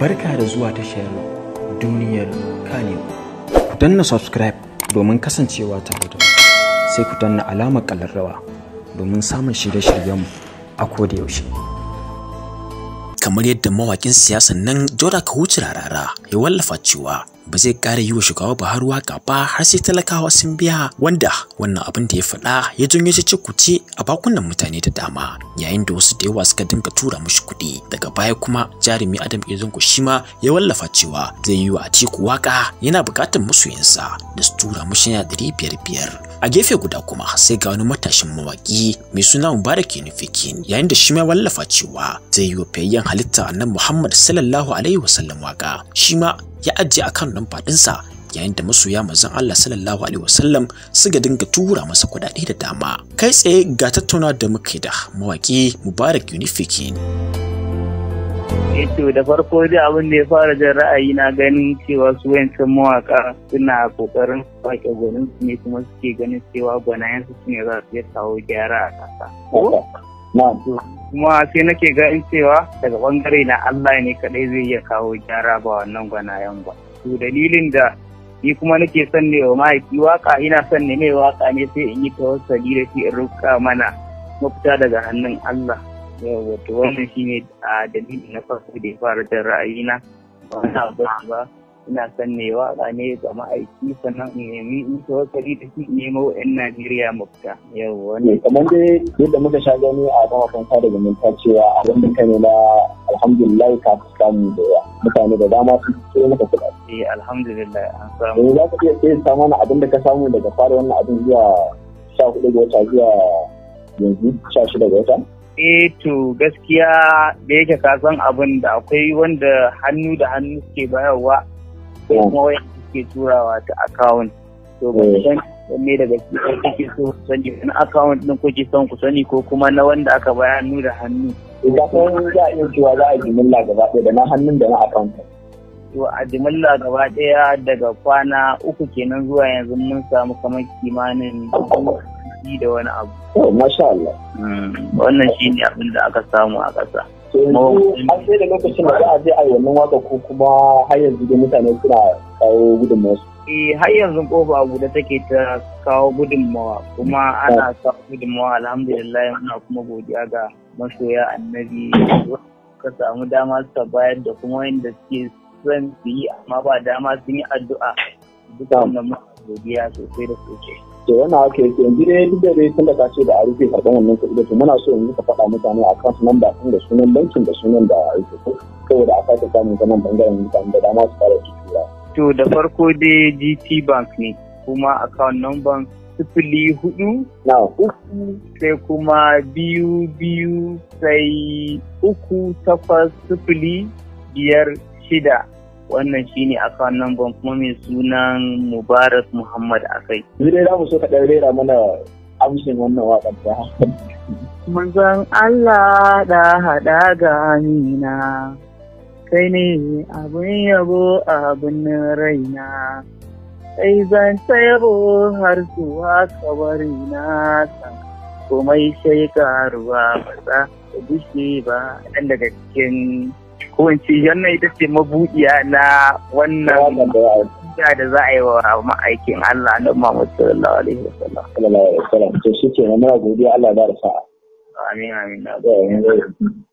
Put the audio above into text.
Barka da zuwa tashar duniyar kane Ku danna subscribe domin kasancewa ta da Sai ku danna alamar ƙalarrawa domin samun shirye-shiryenmu a koda yaushe. kamar yadda mawakin siyasan nan Joda wuce Rarara ya wallafa cewa ba zai ƙara yi wa shugaba Buhari waka ba har sai talakawa sun biya wanda wannan abin da ya faɗa ya janyo ci ce a bakunan mutane da dama yayin da wasu da yawa suka dinga tura mushi kuɗi daga baya kuma jarumi Adam Ezonko shi ma ya wallafa cewa zai yi wa Atiku waka yana buƙatar masoyansa da su tura mushi yana ɗari biyar biyar a gefe guda kuma sai ga wani matashin mawaki mai suna Mubarak Unifikin yayin da shi ma wallafa cewa zai yi wa fayayyen halitta annabi Muhammad sallallahu alaihi wasallam waka shi ma ya ajiye akan numfadinsa yayin da masoya manzon Allah sallallahu alaihi wasallam suka dinga tura masa kudade da dama kai tsaye ga tattauna da muke da mawaki Mubarak Unifikin yace eh, da farko da abin da ya fara jin ra'ayi na ganin cewa su wayancan mawaka suna kokarin fake gwanin su ne kuma suke ganin cewa gwanayen su ne za su iya kawo gyara a kasa. Kuma sai nake ganin cewa daga bangare na Allah ne kadai zai iya kawo gyara ba wannan gwanayen ba. To dalilin da ni kuma nake son ne wa mahaifi waka ina son ne mai waka ne sai in yi tawassali da shi in rukka mana mafita daga hannun Allah. wato wannan ne a dalili na farko da ya fara da ra'ayina ba na ba ina san ne waƙa ne ga ma'aiki sannan in nemi in tawakkali da shi nemo yan Najeriya mafita yau wani eh, kamar dai yadda muka sha gani a kafafen sada zumunta cewa a wanda ka ne na alhamdulillah ka fi samu da yawa mutane da dama sun ce maka kuɗa eh alhamdulillah an samu yanzu eh, za ka iya sai samu na abin da ka samu daga fara wannan abin zuwa sha hudu ga wata zuwa yanzu sha shida ga wata eh to gaskiya da yake san abin da akwai wanda hannu da hannu suke bayarwa ko kuma wai suke turawa ta account to ba san me daga cikin kake so ku sani na account din kuke son ku sani ko kuma na wanda aka bayar hannu da hannu idan kun ga iya cewa za a yi jimilla gaba ɗaya da na hannun da na account to a jimilla gaba ɗaya daga kwana uku kenan zuwa yanzu mun samu kamar kimanin yi da wani abu. Oh, masha Allah. Mm, wannan shi ne abin da aka samu a ƙasa. An sai da lokacin da za a je a yi wannan waka ko kuma har yanzu da mutane suna kawo gudunmawarsu. Eh, har yanzu kofa abu da take ta kawo gudunmawa kuma ana sa ah. gudunmawa alhamdulillah muna kuma godiya ga masoya annabi ka samu dama suka bayar da kuma wanda suke son su yi amma ba dama sun yi addu'a duka wannan godiya sosai da sosai. to yana ake yake yanzu dai duk da dai tun da ka ce da a rufe karɓar wannan kuɗi da to muna so yi ka faɗa mutane a kan sunan bakin da sunan bankin da sunan da a ko saboda a sake samun zaman bangaren mutane da dama su fara tutura. to da farko dai gt bank ne kuma account number sifili hudu uku sai kuma biyu biyu sai uku takwas sifili biyar shida wannan shine akan nan ban kuma mai sunan mubarak muhammad akai zai za mu so ka rera mana amshin wannan waƙar ta manzon allah da haɗa ga mina, kai ne abin yabo abin raina sai zan tsayabo har zuwa kabarina komai sai karuwa ba za bushe ba ɗan daga cikin ko in ce ita ce mabuɗiya na wannan kira da za a yi wa ma'aikin Allah na Muhammad sallallahu alaihi wasallam. ya yi wasallam. To shi ke muna godiya Allah da sa'a. Amin amin.